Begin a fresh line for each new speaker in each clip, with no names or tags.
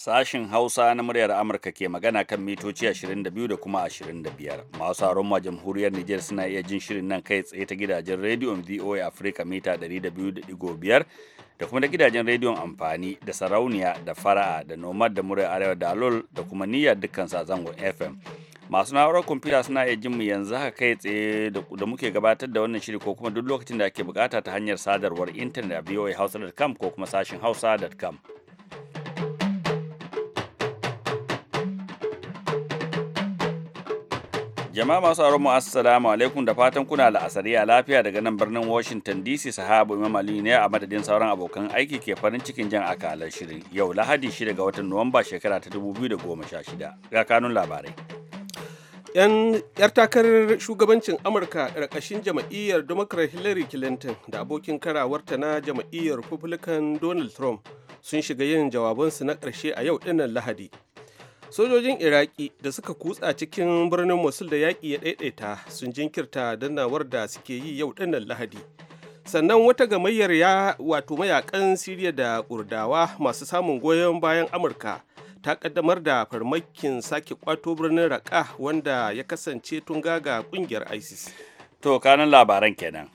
Sashin Hausa na muryar Amurka ke magana kan mitoci 22 da kuma 25. Masu haron ma jamhuriyar Nijar suna iya jin shirin nan kai tsaye ta gidajen rediyon VOA Africa mita 200.5 da kuma da gidajen rediyon amfani da sarauniya da fara'a da nomad da muryar arewa da alol da kuma niyyar dukkan zangon FM. Masu na'urar kwamfuta suna iya jin mu yanzu haka kai tsaye da muke gabatar da wannan shiri ko kuma duk lokacin da ake bukata ta hanyar sadarwar intanet a voahausa.com ko kuma sashin hausa.com. Jama'a masu aron mu assalamu alaikum da fatan kuna la'asari a lafiya daga nan birnin Washington DC sahabu Imam Ali ne a madadin sauran abokan aiki ke farin cikin jan akalar shirin yau Lahadi shi daga watan Nuwamba shekara ta 2016 ga kanun labarai. Yan yar takarar shugabancin Amurka ƙarƙashin
jama'iyyar Democrat Hillary Clinton da abokin karawarta na jama'iyyar Republican Donald Trump sun shiga yin jawabansu na ƙarshe a yau dinnan Lahadi. sojojin iraki da suka kutsa cikin birnin mosul da yaƙi ya ɗaiɗaita sun jinkirta dannawar da suke yi yau ɗinnan lahadi sannan wata gamayyar ya wato mayakan siriya da kurdawa masu samun goyon bayan amurka ta kaddamar da farmakin sake kwato birnin raka wanda ya kasance tun gaga kungiyar isis to kanan
labaran kenan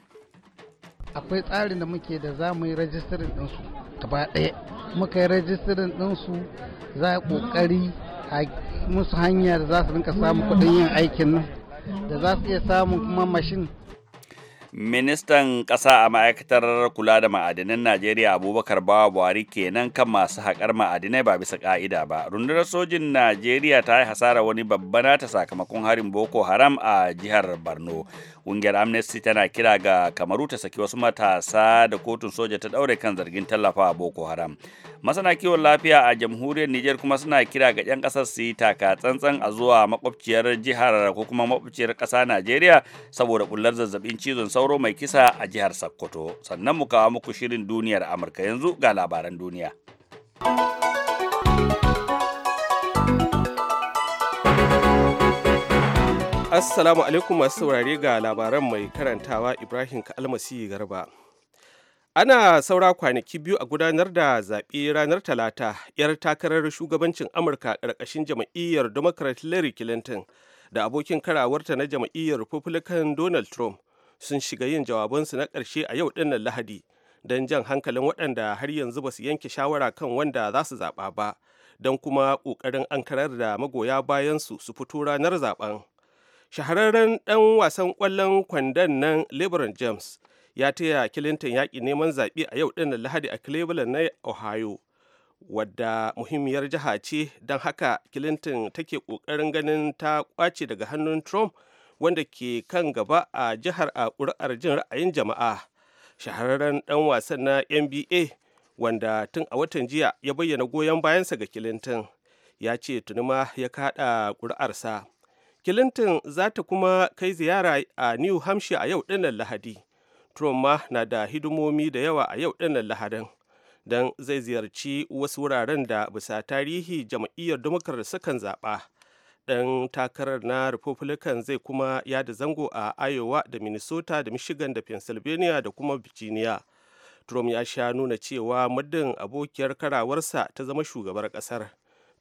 akwai tsarin da muke da za mu yi rajistirin ɗinsu gaba ɗaya muka yi rajistirin ɗinsu za a ƙoƙari a hanya za su rinka samun kuɗin yin aikin nan da za su iya samun kuma mashin
ministan ƙasa a ma'aikatar kula da ma'adinan najeriya abubakar bawa buhari kenan kan masu haƙar ma'adinai ba bisa ƙa'ida ba rundunar sojin najeriya ta yi hasara wani babba ta sakamakon harin boko haram a jihar borno ƙungiyar amnesty tana kira ga kamaru ta saki wasu matasa da kotun soja ta ɗaure kan zargin tallafa a boko haram masana kiwon lafiya a jamhuriyar niger kuma suna kira ga 'yan ƙasar su yi taka tsantsan a zuwa makwabciyar jihar ko kuma makwabciyar ƙasa najeriya saboda bullar zazzabin cizon sauro mai kisa a jihar sokoto sannan mu kawo muku shirin duniyar amurka yanzu ga labaran duniya.
Assalamu alaikum masu saurare ga labaran mai karantawa Ibrahim Kalmasi Garba. Ana saura kwanaki biyu a gudanar da zaɓe ranar Talata, 'yar takarar shugabancin Amurka ƙarƙashin jam'iyyar Democrat Hillary Clinton da abokin karawarta na jam'iyyar Republican Donald Trump sun shiga yin jawabansu na ƙarshe a yau ɗinnan Lahadi don jan hankalin waɗanda har yanzu ba su yanke shawara kan wanda za su zaɓa ba, don kuma ƙoƙarin ankarar da magoya bayansu su fito ranar zaɓen. shahararren ɗan wasan ƙwallon kwandon nan lebron james ya taya clinton yaƙi neman zaɓe a yau ɗin lahadi a cleveland na ohio wadda muhimmiyar jiha ce don haka clinton take ƙoƙarin ganin ta ƙwace daga hannun trump wanda ke kan gaba a jihar a ƙuri'ar jin ra'ayin jama'a shahararren ɗan wasan na nba wanda tun a watan jiya ya bayyana goyon bayansa ga clinton ya ce tuni ya kaɗa ƙuri'arsa Clinton za ta kuma kai ziyara a New Hampshire a yau dinnan Lahadi. Trump ma na da hidimomi da yawa a yau dinnan Lahadin. Don zai ziyarci wasu wuraren da bisa tarihi jam'iyyar Democrat sukan zaɓa. Ɗan takarar na Republican zai kuma yada zango a Iowa da Minnesota da Michigan da Pennsylvania da kuma Virginia. Trump ya sha nuna cewa muddin abokiyar karawarsa ta zama shugabar ƙasar.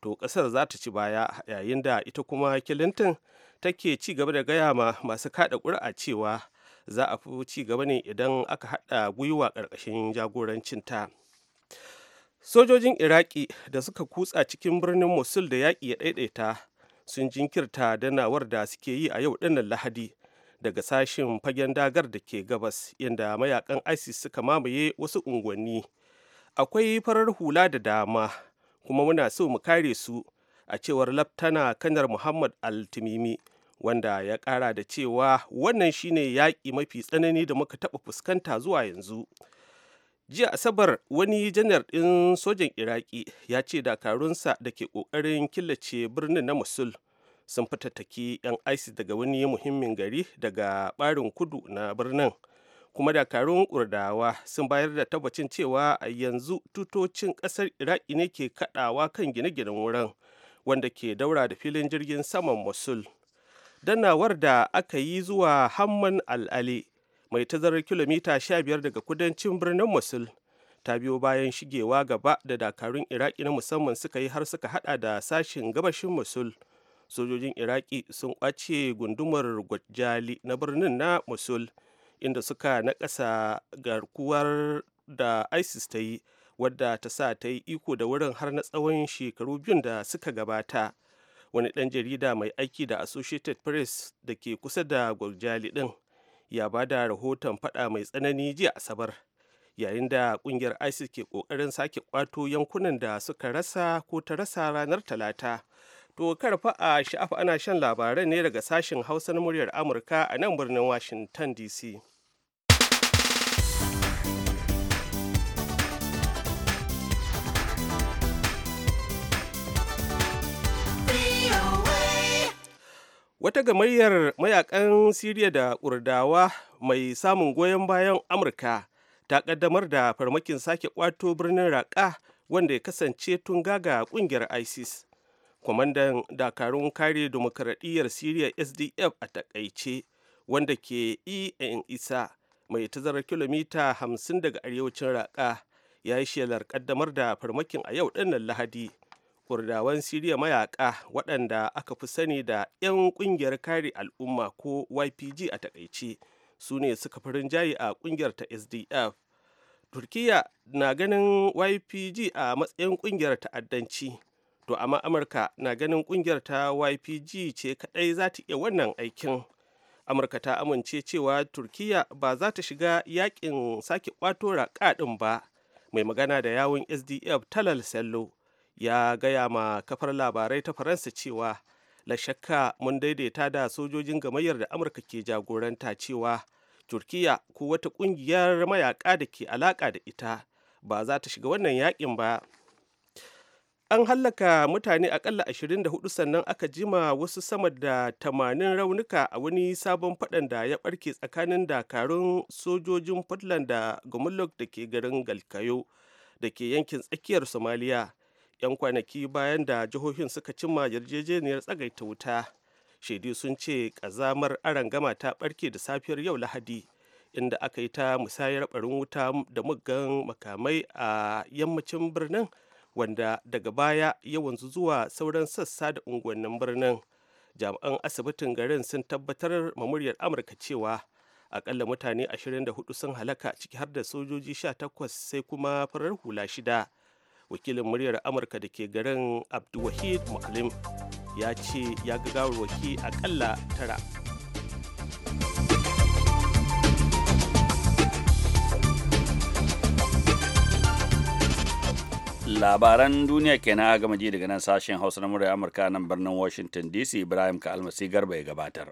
to ƙasar za ta ci baya yayin da ita kuma clinton take ci gaba da gaya ma masu kada ƙuri'a cewa za a fi ci gaba ne idan aka haɗa gwiwa ƙarƙashin jagorancinta sojojin iraki da suka kutsa cikin birnin mosul da yaƙi ya ɗaiɗaita sun jinkirta danawar da suke yi a yau ɗinnan lahadi daga sashin fagen dagar da ke gabas inda mayakan isis suka mamaye wasu unguwanni akwai farar hula da dama kuma muna so mu kare su a cewar laftana kanar muhammad altimimi wanda ya kara da cewa wannan shine yaƙi mafi tsanani da muka taɓa fuskanta zuwa yanzu jiya asabar wani janar ɗin sojan iraki ya ce dakarunsa da ke ƙoƙarin killace birnin na musul sun fitattaki 'yan isis daga wani muhimmin gari daga ɓarin kudu na birnin kuma dakarun kurdawa sun bayar da tabbacin cewa a yanzu tutocin kasar iraki ne ke kadawa kan gine-ginen wurin wanda ke daura da filin jirgin saman mosul danawar da aka yi zuwa hamman al'ali mai tazarar kilomita 15 daga kudancin birnin mosul ta biyo bayan shigewa gaba da dakarun iraki na musamman suka yi har suka hada da sashin gabashin mosul sojojin iraki sun kwace gundumar gwajali na birnin na mosul inda suka nakasa garkuwar da isis ta yi wadda ta sa ta yi iko da wurin har na tsawon shekaru biyun da suka gabata wani ɗan jarida mai aiki da associated press da ke kusa da gwaljali ɗin ya ba da rahoton faɗa mai tsanani jiya asabar yayin da ƙungiyar isis ke ƙoƙarin sake ƙwato yankunan da suka rasa ko ta rasa ranar talata to karfa a sha'afa ana shan labaran ne daga sashen hausa na muryar amurka a nan birnin washington dc wata gamayyar mayakan siriya da kurdawa mai samun goyon bayan amurka ta kaddamar da farmakin sake kwato birnin raqqa wanda ya kasance tun gaga kungiyar isis kwamandan dakarun kare demokaradiyyar siriya sdf a takaice wanda ke en isa mai tazarar kilomita hamsin daga arewacin raqqa ya yi shelar kaddamar da farmakin a yau dinnan lahadi kurdawan siriya mayaka waɗanda aka fi sani da 'yan ƙungiyar kare al'umma ko ypg a takaice su ne suka fi rinjaye a ƙungiyar ta sdf turkiya na ganin ypg a matsayin ƙungiyar ta'addanci to amma amurka na ganin ƙungiyar ta ypg ce kaɗai za ta iya wannan aikin amurka ta amince cewa turkiya ba za ta shiga yakin sake ƙwato raƙa ba mai magana da yawun sdf talal sello ya gaya ma kafar labarai ta faransa cewa la shakka mun daidaita da sojojin gamayyar da amurka ke jagoranta cewa turkiya ko wata kungiyar mayaka da ke alaka da ita ba za ta shiga wannan yakin ba an hallaka mutane akalla 24 sannan aka jima wasu sama da 80 raunuka a wani sabon fadan da ya barke tsakanin dakarun sojojin puntland da gumulok da ke garin galkayo da ke yankin tsakiyar somaliya 'yan kwanaki bayan da jihohin suka cimma yarjejeniyar tsagaita wuta shaidu sun ce kazamar gama ta barke da safiyar yau lahadi inda aka yi ta musayar barin wuta da muggan makamai a yammacin birnin wanda daga baya ya wanzu zuwa sauran sassa da unguwannin birnin jami'an asibitin garin sun tabbatar mamuryar amurka cewa akalla mutane 24 sun halaka ciki har da sojoji 18 sai kuma farar hula shida wakilin muryar amurka da ke garin abdulwahid mu'alim ya ce ya ga gawarwaki akalla tara
labaran duniya kenan a gama ji daga nan sashen hausa na muryar amurka nan birnin washington dc ibrahim ka almasi garba ya gabatar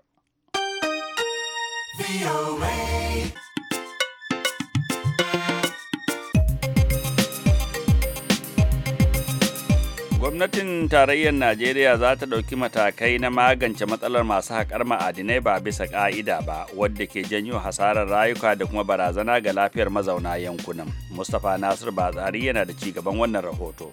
Gwamnatin tarayyar Najeriya za ta ɗauki matakai na magance matsalar masu haƙar ma'adinai ba bisa ƙa'ida ba, wadda ke janyo hasarar rayuka da kuma barazana ga lafiyar mazauna yankunan. Mustapha Nasir bazari yana da ci gaban wannan rahoto.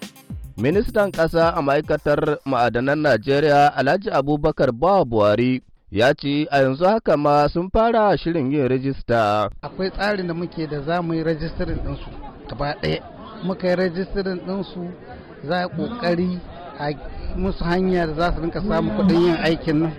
Ministan ƙasa a ma'aikatar ma'adanan Najeriya Alhaji Abubakar Buhari ya ce a yanzu haka ma sun fara shirin yin rajista. Akwai tsarin da muke da za mu yi rajistar ɗinsu gaba ɗaya. Muka yi rajistar ɗinsu za a kokari a musu hanya da za su rinka samun kudin yin aikin nan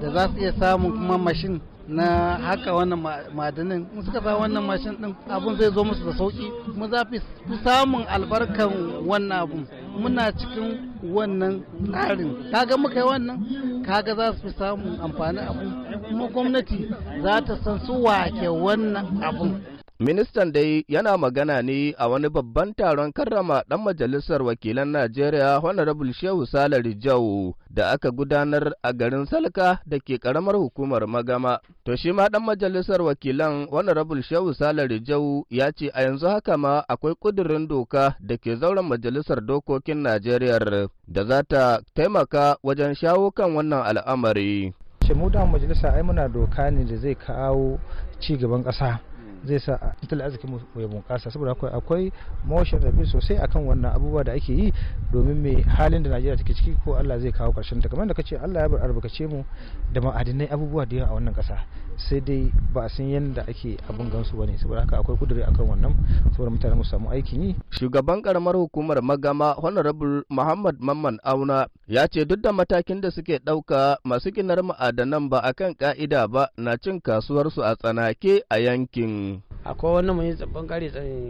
da za su iya samun kuma mashin na haka wannan madanin in suka samu wannan mashin din abun zai zo musu da sauki mu za fi samun albarkan wannan abun muna cikin wannan tsarin kaga muka yi wannan kaga za su fi samun amfani abun kuma gwamnati za ta san su wake wannan abun Ministan dai yana magana ne a wani babban taron karrama ɗan majalisar wakilan Najeriya Honorable Shehu Salari Jau da aka gudanar a garin Salka da ke karamar hukumar Magama. To shi ma ɗan majalisar wakilan Honorable Shehu Salari Jau ya ce a yanzu haka ma akwai ƙudurin doka da ke zauren majalisar dokokin Najeriya da za ta taimaka wajen shawo kan wannan al'amari. Shemuda majalisa ai muna doka ne da zai kawo ci gaban ƙasa. zai sa a tattalin arzikin ya bunƙasa saboda akwai motion rabin sosai akan wannan abubuwa da ake yi domin mai halin da najeriya take ciki ko allah zai kawo ƙarshen ta kamar da kace allah ya bar albarkace mu da ma'adinai abubuwa da yawa a wannan ƙasa sai dai ba a san yadda ake abin gamsu ba ne saboda haka akwai kuduri akan wannan saboda mutane mu samu aikin yi shugaban karamar hukumar magama honorable muhammad mamman auna ya ce duk da matakin da suke ɗauka masu ginar ma'adanan ba akan ka'ida ba na cin kasuwarsu a tsanake a yankin akwai wani mai
bangare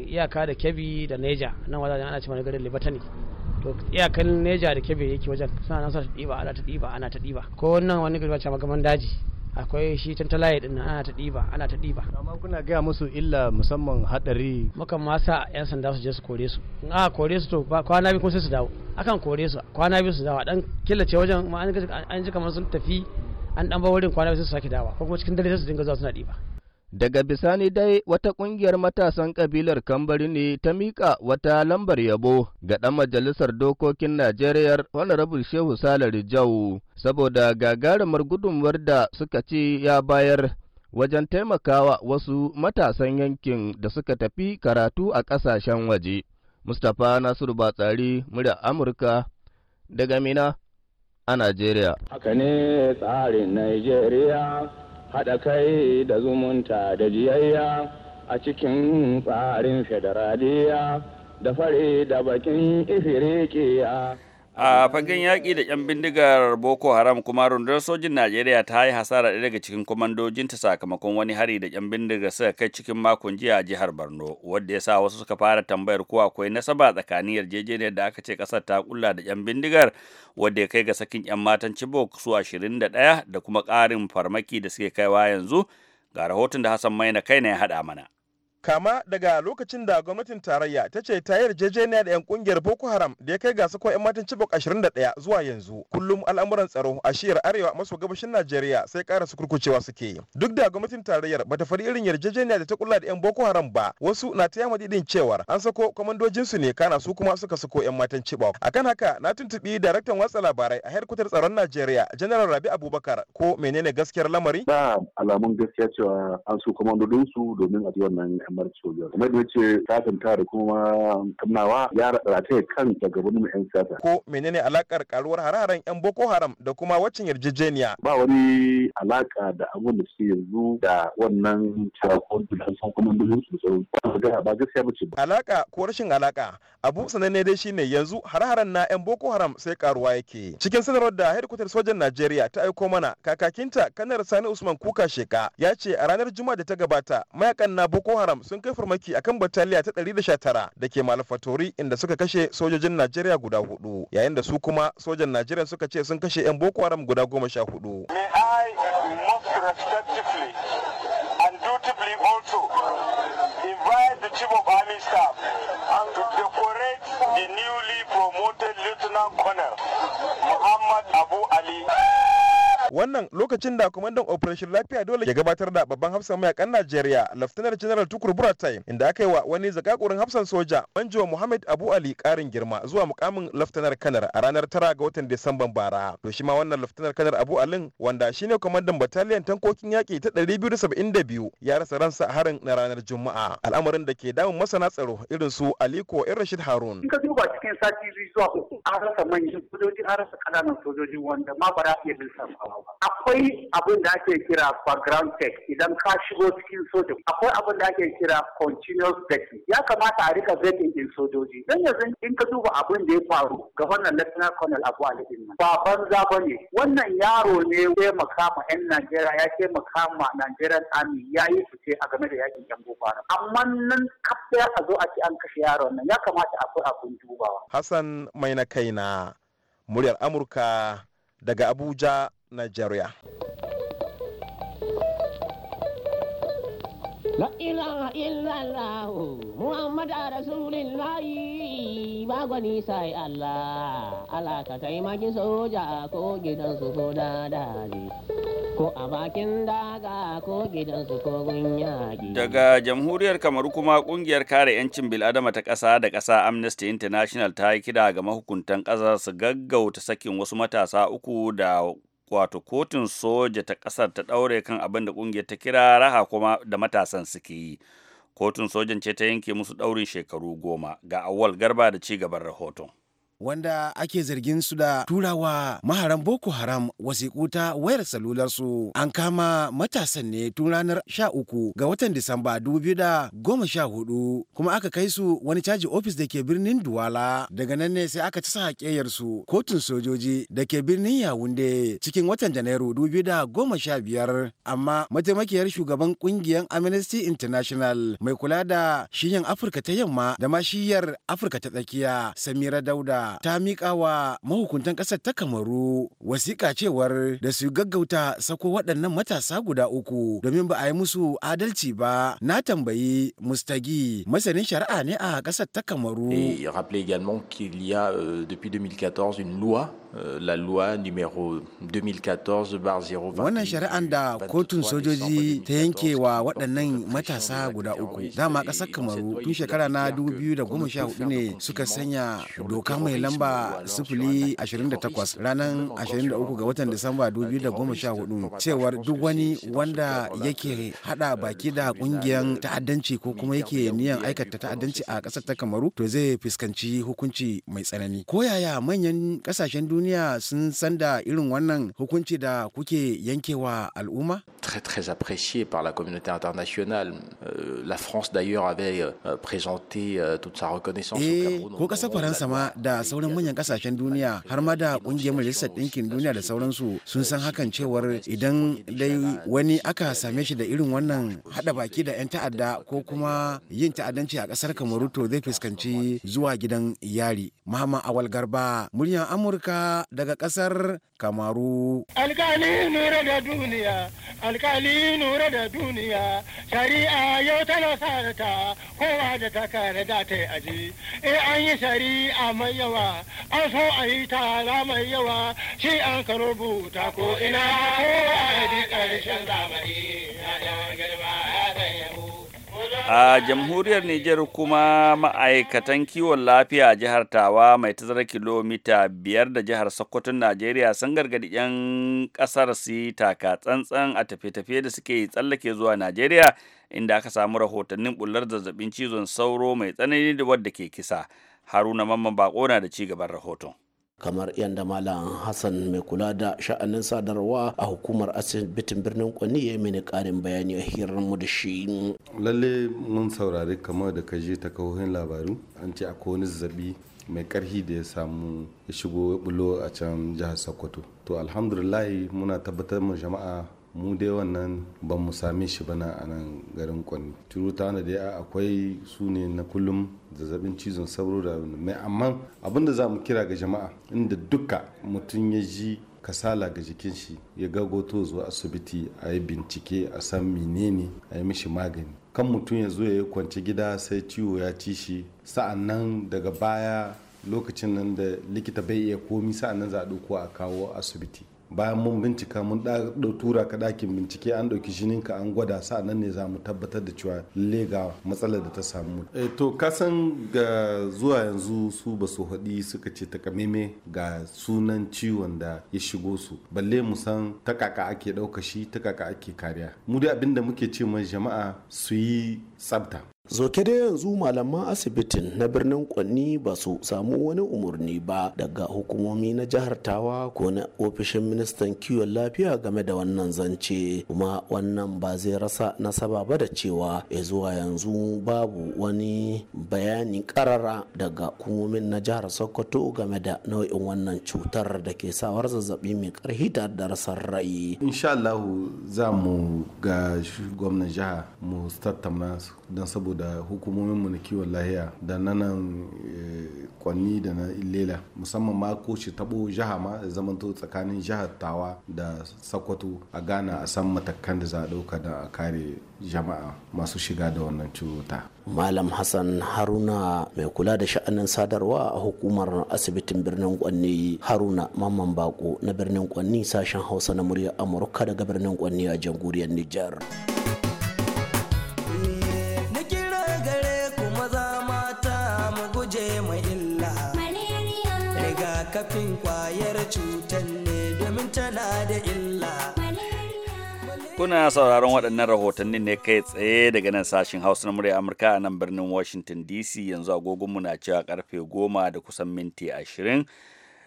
iyaka da kebi da neja nan wajen ana cewa garin libatani to iyakan neja da kebi yake wajen suna nan ta ɗiba ana ta ɗiba ana ta ɗiba ko wannan wani gari wacce magaman daji akwai shi tantalaye din ana ta ɗiba ana ta ɗiba amma kuna gaya musu illa musamman hadari mukan ma sa yan sanda su je su kore su in aka kore su to kwana biyu ko sai su dawo akan kore su kwana biyu su dawo dan killace wajen ma an ji kamar sun tafi an dan ba wurin kwana biyu sai su sake dawa ko kuma cikin dare sai su dinga zuwa suna ɗiba
Daga bisani dai wata ƙungiyar matasan ƙabilar Kambari ne ta miƙa wata lambar yabo ga ɗan majalisar dokokin Najeriya Honorable Shehu Salari Jau saboda gagarumar gudunmuwar da suka ci ya bayar wajen taimakawa wasu matasan yankin da suka tafi karatu a ƙasashen waje. Mustapha Nasiru Batsari, murya Amurka, daga Mina a Najeriya.
Haka ne tsarin Najeriya. haɗa kai da zumunta da jiyayya a cikin tsarin federaliya da fare da
bakin ifirikiya.
a fagen yaƙi da ƴan bindigar boko haram kuma rundunar sojin najeriya ta yi hasara ɗaya daga cikin kwamandojinta sakamakon wani hari da ƴan bindigar suka kai cikin makon jiya a jihar borno wadda ya sa wasu suka fara tambayar ko akwai nasaba tsakanin yarjejeniyar da aka ce ƙasar ta kulla da ƴan bindigar wadda ya kai ga sakin ƴan matan chibok su ashirin da ɗaya da kuma ƙarin farmaki da suke kaiwa yanzu ga rahoton da hassan maina kai na ya haɗa mana
kama daga lokacin da gwamnatin tarayya ta ce ta yarjejeniya da 'yan kungiyar boko haram da ya kai ga sakon 'yan matan cibok 21 zuwa yanzu kullum al'amuran tsaro a shiyar arewa maso gabashin najeriya sai kara su kurkucewa suke duk da gwamnatin tarayyar ba ta fari irin yarjejeniya da ta kulla da 'yan boko haram ba wasu na ta yama didin cewar an sako kwamandojinsu su ne kana su kuma suka sako 'yan matan cibok akan haka na tuntubi daraktan watsa labarai a harkutar tsaron najeriya janar rabi abubakar ko menene gaskiyar lamari ba
alamun gaskiya cewa an su domin a wannan kamar sojoji kamar da ce ta da kuma kamnawa ya rataye kan mai yan siyasa
ko menene alakar karuwar hararen yan boko haram da kuma waccan yarjejeniya ba wani alaka da abun da su yanzu da wannan tarakon da sun kuma dubin su ba gaskiya ba ce ba alaka ko rashin alaka abu sananne dai shine yanzu hararen na yan boko haram sai karuwa yake cikin sanarwar da hedkwatar sojan najeriya ta aiko mana kakakinta kanar sani usman kuka sheka ya ce a ranar juma'a da ta gabata mayakan na boko haram sun kai farmaki akan bataliya ta 119 da ke malafatori inda suka kashe sojojin najeriya guda hudu yayin da su kuma sojan najeriya suka ce sun kashe 'yan boko haram guda goma sha hudu muhammad abu ali wannan lokacin da kwamandan operation lafiya dole ya gabatar da babban hafsan mayakan najeriya laftanar general tukur buratai inda aka yi wa wani zakakurin hafsan soja banjo muhammad abu ali karin girma zuwa mukamin laftanar kanar a ranar tara ga watan disamban bara to shi ma wannan laftanar kanar abu alin wanda shine kwamandan bataliyan tankokin yaki ta 272 ya rasa ransa harin na ranar juma'a al'amarin da ke damun masana tsaro irin su aliko irin rashid harun in
ka cikin sati zuwa uku an rasa manyan sojoji an rasa ƙananan sojoji wanda ma ba za a iya akwai abin da ake kira background check idan ka shigo cikin sojin
akwai abin da ake kira continuous vetting ya kamata a rika vetting din sojoji dan yanzu
in ka duba abin da ya faru ga wannan lieutenant colonel Abu Ali din ba banza bane wannan yaro ne ya makama yan Najeriya ya ce makama Nigerian Army ya yi fice a game da yakin yan Boko Haram amma nan kafa ya zo a ce an kashe yaron nan ya kamata akwai abin
dubawa
Hassan mai na kaina muryar Amurka daga Abuja Najeriya.
La ilaha illallah Muhammad Rasulullah ba gwani sai Allah Allah ka taimaki soja ko gidansu ko dadali ko a bakin daga ko gidansu ko gunyaki
Daga jamhuriyar Kamaru kuma kungiyar kare 'yancin bil'adama ta ƙasa da ƙasa Amnesty International ta yi kira ga mahukuntan ƙasar su gaggauta sakin wasu matasa uku da wato kotun soja ta ƙasar ta ɗaure kan abin da ƙungiyar ta kira raha kuma da matasan suke yi kotun sojan ce ta yanke musu ɗaurin shekaru goma ga awwal garba da ci gaban rahoton
wanda ake zargin su da turawa maharan boko haram wasiƙu ta wayar salularsu. an kama matasan ne tun ranar 13 ga watan disamba 2014 kuma aka kai su wani caji ofis da ke birnin duwala daga nan ne sai aka ci haƙeyar su kotun sojoji da ke birnin yawunde cikin watan janairu 2015 amma mataimakiyar shugaban kungiyar amnesty international mai kula da shiyan afirka ta yamma da ma shiyar afirka ta tsakiya samira dauda ta miƙa wa mahukuntan ƙasar ta Kamaru wasiƙa cewar da su gaggauta sako waɗannan matasa guda uku domin ba a yi musu adalci ba. Na tambayi Mustagi masanin shari'a ne a ƙasar ta Kamaru. 2014 euh, une Euh, la loi numéro 2014-020. Wannan shari'an da kotun sojoji ta yanke wa waɗannan matasa guda uku. Dama ƙasar Kamaru tun shekara na 2014 ne suka sanya doka mai lamba 028 ranar 23 ga watan Disamba 2014 cewar duk wani wanda yake hada baki da ƙungiyar ta'addanci ko kuma yake niyan aikata ta'addanci a ƙasar ta Kamaru to zai fuskanci hukunci mai tsanani. Ko yaya manyan ƙasashen duniya duniya sun san da irin wannan hukunci da kuke yankewa al'umma? Très très apprécié par la communauté internationale. Euh, la France d'ailleurs avait euh, présenté euh, toute sa reconnaissance eh, Ko kasar Faransa ma da sauran manyan kasashen duniya har ma da kungiyar Majalisar ɗinkin Duniya da sauransu sun san hakan cewar idan dai wani aka same shi da irin wannan hada baki da 'yan ta'adda ko kuma yin ta'addanci a kasar Kamaru to zai fuskanci zuwa gidan yari. Muhammad Awal Garba, muryar Amurka daga ƙasar Kamaru. Alkali nura da duniya, alkali nura da duniya, shari'a yau tana sa ta kowa da ta kare da ta aji. in eh, an yi shari'a mai yawa, an so a yi tara mai yawa, shi an ka rubuta ko ina a yi karshen zamani, ya girma ya
a jamhuriyar Nijar kuma ma'aikatan kiwon lafiya a jihar Tawa mai tazarar kilomita biyar da jihar sokoto Najeriya sun gargadi 'yan kasar su taka tsantsan a tafiye-tafiye da suke tsallake zuwa Najeriya inda aka samu rahotannin bullar zazzabin cizon sauro mai tsanani da wadda ke kisa. Haruna Mamman Bako na da ci gaban rahoton.
kamar yadda malam hassan mai kula da sha'anin sadarwa a hukumar asibitin birnin kwani ya mini karin bayani a hirar mu da shi
lalle mun saurari kamar da ka je ta kahohin labaru an ce akwai wani zazzabi mai karhi da ya samu ya shigo bulo a can jihar sokoto to alhamdulillahi muna tabbatar mu jama'a mu dai wannan ban mu same shi bana a nan garin kwanni turuta da dai akwai su ne na kullum zazzabin cizon sauro da mai amma abinda za mu kira ga jama'a inda duka mutum ya ji kasala ga jikin shi ya gagoto zuwa asibiti a yi bincike a san menene a yi mishi magani kan mutum ya zo ya yi kwanci gida sai ciwo ya ci shi sa'an nan daga baya lokacin nan da likita bai iya komi sa'an nan za a ɗauko a kawo asibiti bayan mun bincika mun tura ka ɗakin bincike an ɗauki jininka an gwada nan ne za mu tabbatar da cewa lega ga matsalar da ta samu eh, to kasan ga zuwa yanzu su ba su haɗi suka ce takameme ga sunan ciwon da ya shigo su balle mu san ta kaka ake ɗauka shi ta kaka ake kariya mu dai abinda muke ce ma jama'a su
yi tsabta
zoke dai yanzu malaman asibitin na birnin kwanni ba su samu wani umarni ba daga hukumomi na jihar tawa ko na ofishin ministan kiwon lafiya game da wannan zance kuma wannan ba zai rasa nasaba ba da cewa ya zuwa yanzu babu wani bayani karara daga hukumomin na jihar sokoto game da nau'in wannan cutar da ke sawar zazzabi mai karhi da darasar rai insha
za mu ga gwamnan jiha mu tattauna don saboda da hukumominmu na kiwon lahiya da nanan eh, kwanni da na lela musamman ma ko shi tabo jiha ma da zamanto tsakanin jihar tawa da sakwato a ghana a san matakan da za a dauka da a kare jama'a masu
shiga da wannan cuta malam hassan haruna mai kula da sha'anin sadarwa a hukumar asibitin birnin kwanni haruna mamman bako na birnin kwanni sashen hausa na murya amurka daga birnin kwanni a jamhuriyar nijar.
rigakafin kwayar cutar ne domin tana da
illa
kuna sauraron waɗannan rahotannin ne kai tsaye daga nan sashen hausa na murya amurka a nan birnin washington dc yanzu agogonmu na cewa karfe goma da kusan minti ashirin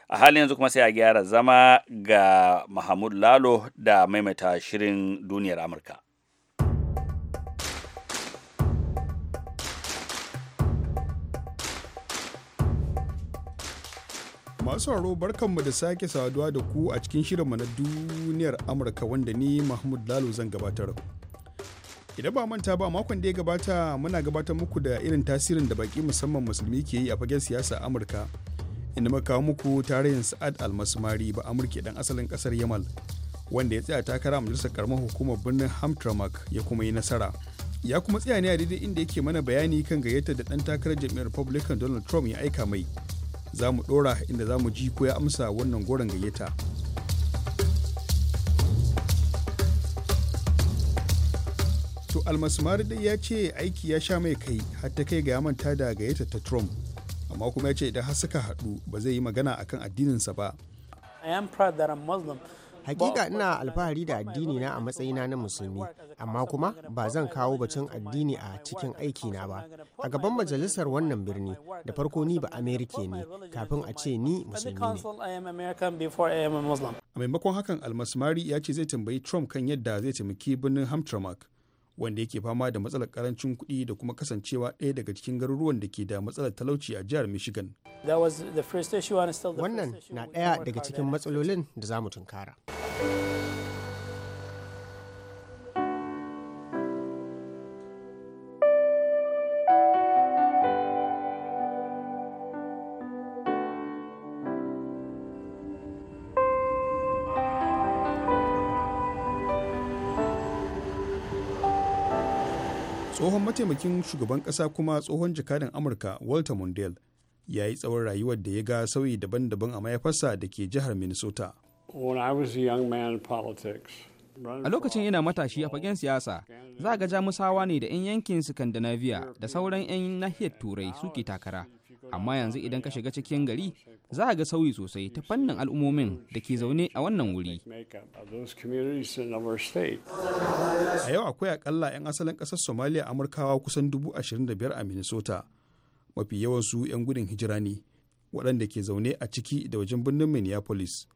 a halin yanzu kuma sai a gyara zama ga mahmud lalo da maimaita shirin duniyar amurka
masu haro barkanmu da sake saduwa da ku a cikin shirinmu na duniyar Amurka wanda ni Mahmud Lalo zan gabatar. Idan ba manta ba makon da ya gabata muna gabatar muku da irin tasirin da baki musamman musulmi ke yi a fagen siyasa Amurka. Inda muka kawo muku tarihin Sa'ad Almasmari ba Amurke dan asalin kasar Yamal wanda ya tsaya takara majalisar karamar hukumar birnin hamtramak ya kuma yi nasara. ya kuma tsaya ne a daidai inda yake mana bayani kan gayyatar da dan takarar jam'iyyar republican donald trump ya aika mai za mu ɗora inda za mu ji ko ya amsa wannan goron gayyata to almasmari dai ya ce aiki ya sha mai kai har ta kai ga ya manta da gayyata ta trump amma kuma ya ce idan har suka haɗu ba zai yi magana akan addininsa ba
i am proud that i'm muslim
hakika
ina alfahari da addini na a matsayina na musulmi amma kuma ba zan kawo batun addini a cikin aikina ba a gaban majalisar wannan birni da farko ni ba amerika ne kafin a ce ni musulmi
ne a
maimakon hakan
almasmari ya ce zai tambayi trump kan yadda zai taimaki birnin hamtramck wanda yake fama da matsalar karancin kuɗi da kuma kasancewa ɗaya daga cikin garuruwan da ke da matsalar talauci a jihar Michigan.
Wannan na ɗaya daga cikin
matsalolin da za mu tunkara.
tsohon mataimakin shugaban kasa kuma tsohon jakadan amurka walter mondale ya yi tsawon rayuwar da ya ga sauyi daban-daban a mayafarsa da ke jihar minnesota a lokacin ina matashi a fagen siyasa za ga jamusawa ne da 'yan yankin scandinavia da sauran 'yan nahiyar turai suke takara amma yanzu idan ka shiga cikin gari za a ga sauyi sosai ta fannin al'ummomin da ke zaune a wannan wuri a yau akwai akalla 'yan asalin ƙasar somaliya amurkawa kusan dubu da biyar a minnesota mafi yawansu 'yan gudun hijira ne waɗanda ke zaune a ciki da wajen birnin minneapolis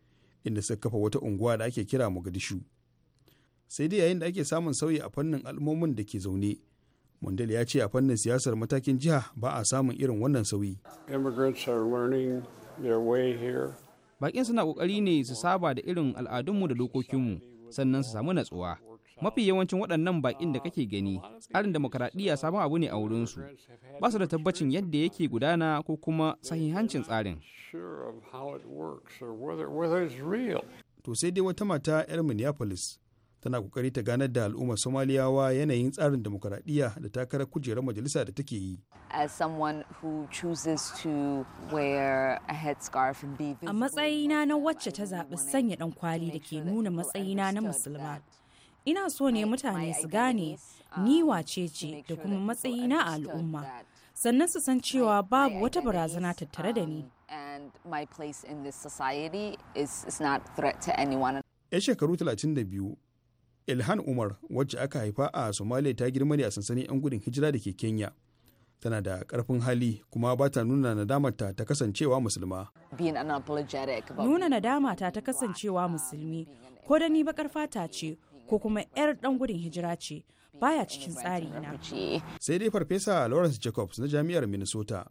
inda suka kafa wata unguwa da ake kira mogadishu sai dai yayin da ake samun sauyi a fannin al'ummomin da ke zaune mundal ya ce a fannin siyasar matakin jiha ba a samun irin wannan sauyi bakin suna kokari ne su saba da irin al'adunmu da dokokinmu sannan su samu natsuwa mafi yawancin waɗannan bakin da kake gani tsarin demokaradiyya sabon abu ne a wurinsu ba su da tabbacin yadda yake gudana ko kuma sahihancin tsarin to sai dai wata mata 'yar minneapolis tana kokari ta ganar da al'ummar somaliyawa yanayin tsarin demokuraɗiyya da takarar kujerar majalisa da take yi
a matsayina na wacce ta zaɓi sanya ɗan kwali da ke nuna matsayina na musulma ina so ne mutane su gane ni wace ce da kuma matsayina a al'umma sannan su san cewa babu wata barazana tattare da ni 'yan
shekaru 32 ilhan umar wacce aka haifa a somalia ta girma ne a sansanin 'yan gudun hijira da ke kenya tana da karfin hali kuma ba ta nuna nadamarta ta kasancewa musulma.
Nuna nadamata ta kasancewa musulmi ko da ni bakar fata ce ko kuma 'yar ɗan gudun hijira ce baya cikin tsari na.
Sai dai farfesa Lawrence Jacobs na jami'ar Minnesota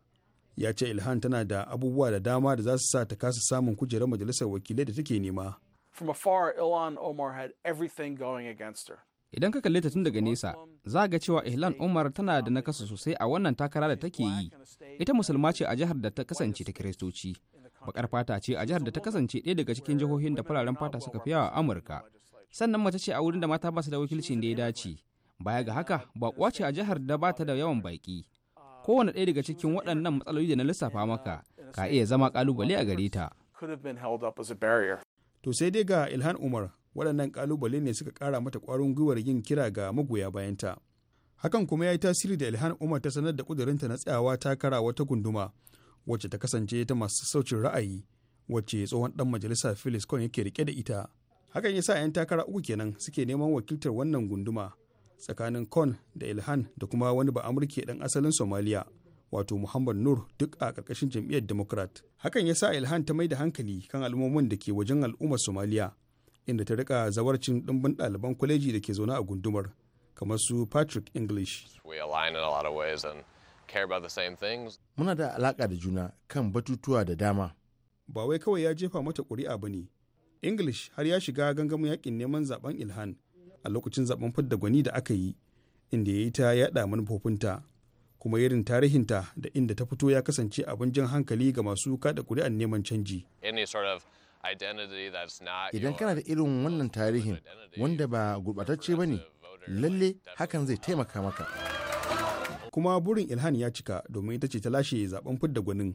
ya ce Ilhan tana da abubuwa da dama da za su sa ta kasa samun kujerar majalisar wakilai da take nema. From afar, Ilan Omar had everything going against her. Idan ka kalli ta tun daga nesa, za ga cewa Ihlan Omar tana da nakasa sosai a wannan takara da take yi. Ita musulma ce a jihar da ta kasance ta Kiristoci. Bakar fata ce a jihar da ta kasance ɗaya daga cikin jihohin da fararen fata suka fi yawa a Amurka. Sannan mace ce a wurin da mata ba su da wakilcin da ya dace. Baya ga haka, baƙuwa ce a jihar da bata da yawan baƙi. Kowane ɗaya daga cikin waɗannan matsaloli da na lissafa maka ka iya zama ƙalubale a gare ta. to sai dai ga ilhan umar waɗannan kalubale ne suka ƙara mata ƙwarin gwiwar yin kira ga magoya bayanta hakan kuma ya yi tasiri da ilhan umar ta sanar da ƙudurinta na tsayawa takara wata gunduma wacce ta kasance ta masu saucin ra'ayi wacce tsohon ɗan majalisa phyllis kwan yake rike da ita hakan ya sa 'yan takara uku kenan suke neman wakiltar wannan gunduma tsakanin kon da ilhan da kuma wani ba amurke ɗan asalin somaliya wato Muhammad Nur duk a ƙarƙashin jam'iyyar Democrat. Hakan ya sa Ilhan ta mai da hankali kan al'ummomin da ke wajen al'ummar Somaliya inda ta rika zawarcin ɗumbin ɗaliban kwaleji da ke zaune a gundumar kamar su Patrick English. Muna da alaƙa da juna kan batutuwa da dama. Ba wai kawai ya jefa mata ƙuri'a ba ne. English har ya shiga gangamin yakin neman zaben Ilhan a lokacin zaben fidda gwani da aka yi inda ya yi ta yaɗa manufofinta. kuma irin tarihinta da inda ta fito ya kasance abin jan hankali ga masu kada kuri'an neman canji. Idan kana da irin wannan tarihin wanda ba gurbatacce ba ne, lalle hakan zai taimaka maka. Kuma burin Ilhan ya cika domin ita ce ta lashe zaben fidda gwanin.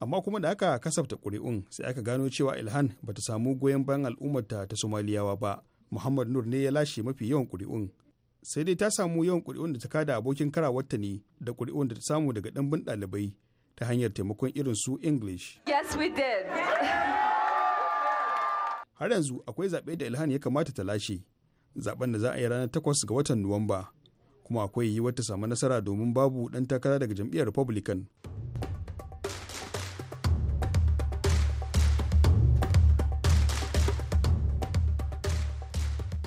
Amma kuma da aka kasafta ƙuri'un sai aka gano cewa Ilhan bata samu goyon bayan al'ummarta ta Somaliyawa ba. Muhammad Nur ne ya lashe mafi yawan ƙuri'un. sai dai ta samu yawan ƙuri'un da ta kada abokin karawarta ne da ƙuri'un da ta samu daga ɗanbin ɗalibai ta hanyar taimakon irin su English.
Yes, we did.
Har yanzu akwai zaɓe da Ilhan ya kamata ta lashe, zaɓen da za a yi ranar takwas ga watan Nuwamba, kuma akwai yi wata samu nasara domin babu ɗan takara daga jam'iyyar Republican.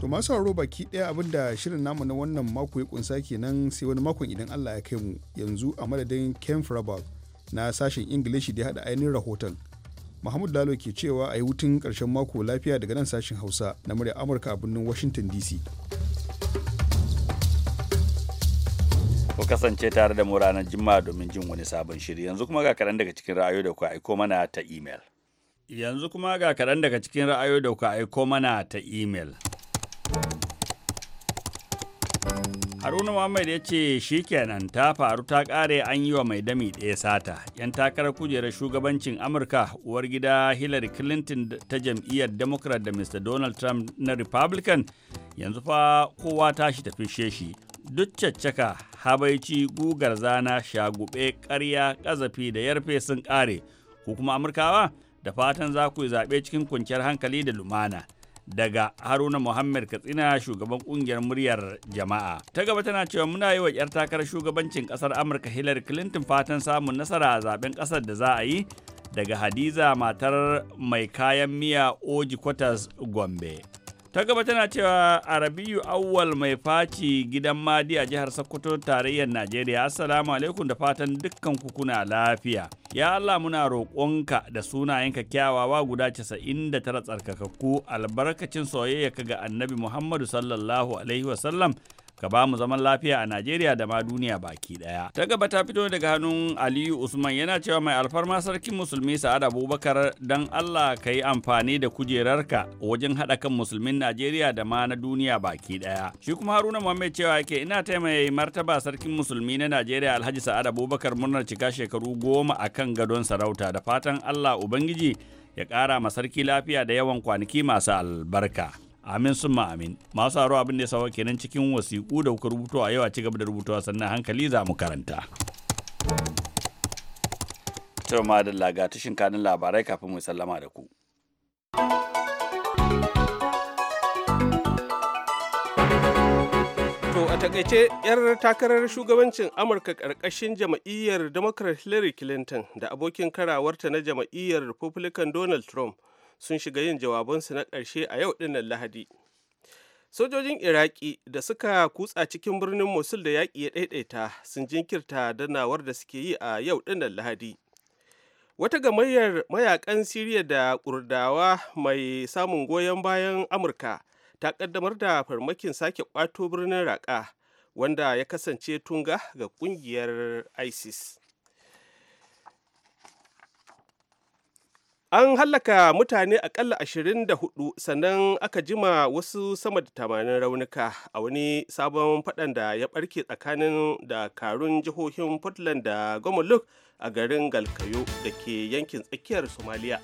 To masu sauraro baki ɗaya abinda shirin namu na wannan mako ya kunsa kenan sai wani makon idan Allah ya kai mu yanzu a madadin Ken Frabag na sashen Ingilishi da ya haɗa ainihin rahoton. Muhammadu Lalo ke cewa a yi hutun ƙarshen mako lafiya daga nan sashen Hausa na murya Amurka a birnin Washington DC.
Ku kasance tare da mu ranar Juma'a domin jin wani sabon shiri yanzu kuma ga kaɗan daga cikin ra'ayoyi da ku aiko mana ta email. Yanzu kuma ga kaɗan daga cikin ra'ayoyi da ku aiko mana ta email. haruna muhammad ya ce shi kenan ta faru ta kare an yi wa mai dami ɗaya sata yan takarar kujerar shugabancin amurka uwar gida hillary clinton ta jam'iyyar democrat da mr donald trump na republican yanzu fa kowa tashi tafi shi duk caccaka habaici gugar zana shagube karya ƙazafi da yarfe sun ƙare ku kuma amurkawa da fatan za ku yi zaɓe cikin kwanciyar hankali da lumana daga haruna muhammad katsina shugaban kungiyar muryar jama'a ta gaba tana cewa muna yi wa yar takarar shugabancin ƙasar amurka hillary clinton fatan samun nasara a zaben ƙasar da za a yi daga hadiza matar mai kayan miya oji kwatas gombe ta gaba tana cewa Arabiyu rabiu mai faci gidan madi a jihar sokoto tarayyar najeriya assalamu alaikum da fatan dukkan kuna lafiya Ya Allah muna roƙonka da sunayenka kyawawa guda casa'in da tara tsarkakakku albarkacin soyayyaka ga annabi Muhammadu sallallahu Alaihi wasallam ka ba mu zaman lafiya a Najeriya da ma duniya baki daya. Ta gaba ta fito daga hannun Aliyu Usman yana cewa mai alfarma sarkin musulmi Sa'ad Abubakar dan Allah ka yi amfani da kujerarka wajen haɗa kan musulmin Najeriya da ma na duniya baki daya. Shi kuma Haruna Muhammad cewa yake ina mai martaba sarkin musulmi na Najeriya Alhaji Sa'ad Abubakar murnar cika shekaru goma a kan gadon sarauta da fatan Allah Ubangiji ya ƙara ma sarki lafiya da yawan kwanaki masu albarka. amin sun amin masu haro abin da ya sawa kenan cikin wasiƙu da kuka rubuto a yau a cigaba da a sannan hankali za mu karanta to madalla ga ta kanin labarai kafin mu sallama da ku
to a takaice yar takarar shugabancin amurka ƙarƙashin jama'iyyar democrat hillary clinton da abokin karawarta na jama'iyyar republican donald trump sun shiga yin jawabansu na ƙarshe a yau ɗinnan lahadi sojojin iraki da suka kutsa cikin birnin mosul da yaƙi ya ɗaiɗaita sun jinkirta danawar da suke yi a yau ɗinnan lahadi wata gamayyar mayakan siriya da kurdawa mai samun goyon bayan amurka ta ƙaddamar da farmakin sake ƙwato birnin Raƙa, wanda ya kasance tunga ga ƙungiyar isis an hallaka mutane akalla 24 sannan aka jima wasu sama da tamanin raunuka a wani sabon fadan da ya barke tsakanin da karun jihohin portland da gomuluk a garin galkayo da ke yankin tsakiyar somalia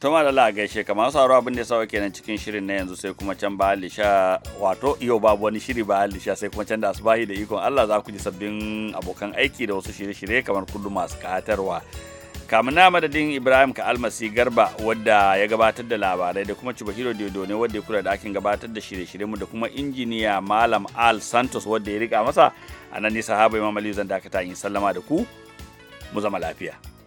tuma da la'a gaishe kamar haru abin da ya kenan cikin shirin na yanzu sai kuma can ba wato iyo babu wani shiri ba sai kuma can da asubahi da ikon allah za ku ji sabbin abokan aiki da wasu shirye-shirye kamar kullum masu katarwa kamun na madadin ibrahim ka almasi garba wadda ya gabatar da labarai da kuma cibahiro dodo ne wadda ya kula da akin gabatar da shirye-shiryenmu da kuma injiniya malam al santos wadda ya rika masa a nan nisa habu imamali zan dakata yin sallama da ku mu zama lafiya